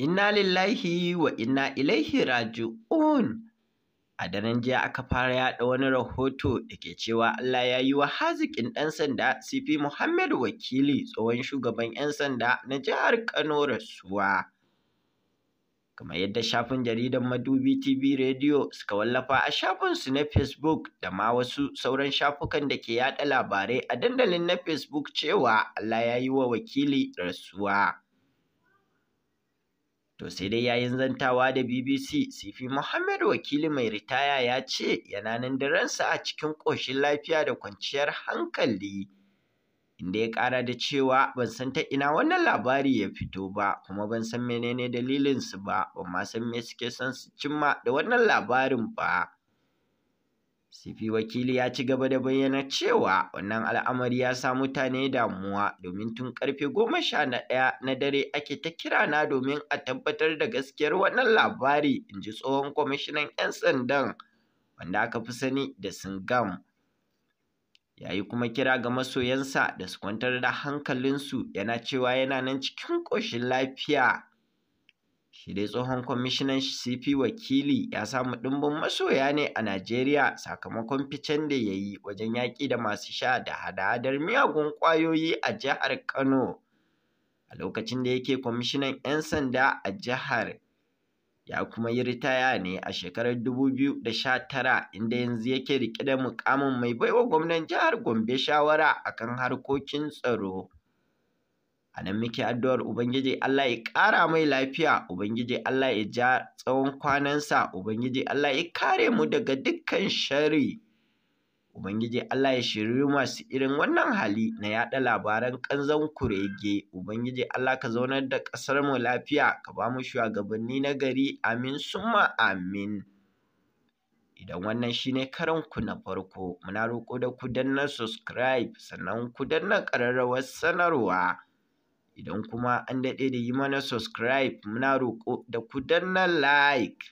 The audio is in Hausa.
Inna lillahi wa inna ilaihi raji'un. A daren jiya aka fara yaɗa wani rahoto da ke cewa Allah ya yi wa haziƙin ɗan sanda CP Muhammad Wakili tsohon shugaban 'yan sanda na jihar Kano rasuwa. Kamar yadda shafin jaridar Madubi TV Radio suka wallafa a shafinsu na Facebook da ma wasu sauran shafukan da ke yaɗa labarai a dandalin na Facebook cewa Allah ya yi wa wakili rasuwa. To sai dai yayin zantawa da BBC, Sifi Muhammad wakili mai ritaya ya ce yana nan ransa a cikin ƙoshin lafiya da kwanciyar hankali. Inda ya ƙara da cewa ban san ta ina wannan labari ya fito ba, kuma ban san menene dalilinsu ba, ban ma san me suke son su cimma da wannan labarin ba. Sifi wakili ya ci gaba da bayyana cewa wannan al'amari ya sa mutane damuwa domin tun karfe goma sha na ɗaya na dare ake ta kira na domin a tabbatar da gaskiyar wannan labari in ji tsohon kwamishinan 'yan sandan wanda aka fi sani da singam Ya yi kuma kira ga masoyansa da su kwantar da hankalinsu yana cewa yana nan cikin ƙoshin lafiya Shi dai tsohon kwamishinan CP Wakili ya samu ɗimbin masoya ne a Najeriya sakamakon ficen da ya yi wajen yaƙi da masu sha da hada-hadar miyagun ƙwayoyi a jihar Kano. A lokacin da yake kwamishinan 'yan sanda a jihar ya kuma yi ritaya ne a shekarar 2019 inda yanzu yake rike da mukamin mai baiwa gwamnan jihar Gombe shawara akan harkokin tsaro. a nan muke addu'ar ubangiji Allah ya ƙara mai lafiya ubangiji Allah ya ja tsawon kwanansa ubangiji Allah ya kare mu daga dukkan shari ubangiji Allah ya shiryu masu irin wannan hali na yaɗa labaran ƙanzon kurege ubangiji Allah ka zaunar da ƙasar mu lafiya ka ba mu shugabanni na gari amin summa amin idan wannan shine karan ku na farko muna roƙo da ku danna subscribe sannan ku danna ƙararrawar sanarwa idan kuma an daɗe da yi mana subscribe muna roƙo da ku danna like